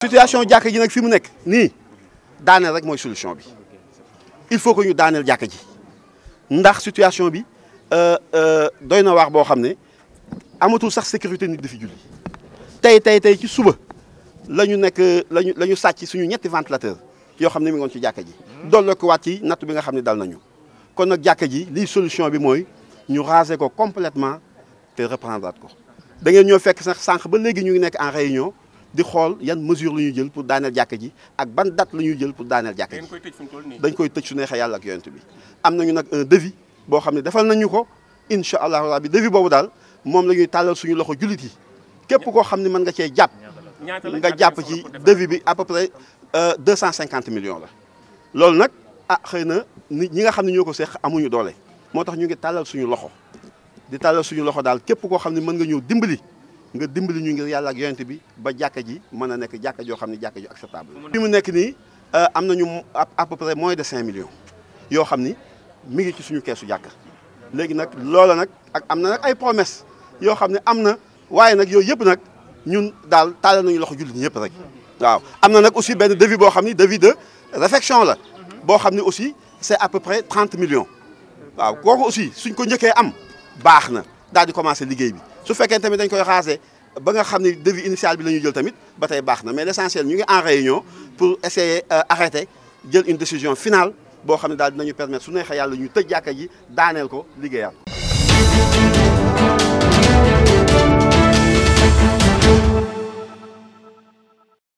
situation jàkka nak fimu nek ni nekk rek moy solution bi il faut que ñu daaneel jàkka ndax situation bi euh euh doyna wax bo xamné amatul sax sécurité nit dafi julli tay tay tay ci suba lañu nek lañu lañu sacc suñu ñetti ventilateur yo xamné mi ngoon ci jàkka ji dool ko waat ci nattu bi nga xamné dal nañu kon nak jàkka ji lii solution bi moy ñu raser ko complètement te reprendre at ko da ngeen ñoo fekk sax sank ba légui ñu ngi nekk en réunion di xol yane mesure la jël pour daaneel jàkka ji ak ban date la jël pour daaneel jàkka ji dañ koy tëj su neexee yàlla ak yonent bi amna ñu nak un devis bo xamni defal nañu ko inshallah rabbi devis bobu dal mom lañuy talal suñu loxo julit yi képp ko xamni ne mën nga cey japp nga japp ci devis bi à peu près euh, deux cent millions la loolu nak ah xeyna na ñi nga xamni ñoko ñoo amuñu doole motax ñu ngi talal suñu loxo di talal suñu loxo dal képp ko xamni ne mën nga ñew dimbali nga dimbali ñu ngir yalla ak yoonte bi ba jàkka ji mëna nek nekk jo xamni xam ne jàkka ju acceptable bi mu nekk nii euh, amna ñu à peu près moins de 5 millions yo xamni mi ngi ci suñu keesu jàkka légui nak loola nak ak amna nak ay promesse yo xamni amna waye nak yoy nag nak ñun dal talé nañu loxo jullit ñëpp rek waaw amna nak aussi ben devis bo xamni devis de réfection la bo xamni aussi c'est à peu près 30 millions waaw kooku aussi suñ ko njëkkee am baxna daal di commencé liguey bi su fekkee tamit dañ koy xaase ba nga xamni devis initial bi lañu jël tamit batay baxna mais l'essentiel ñu ngi en réunion pour essayer euh, arrêter jël une décision finale bo xamni dal dinañu permettre su neexa yalla ñu tëj jàkka ji daanel ko liggéeyal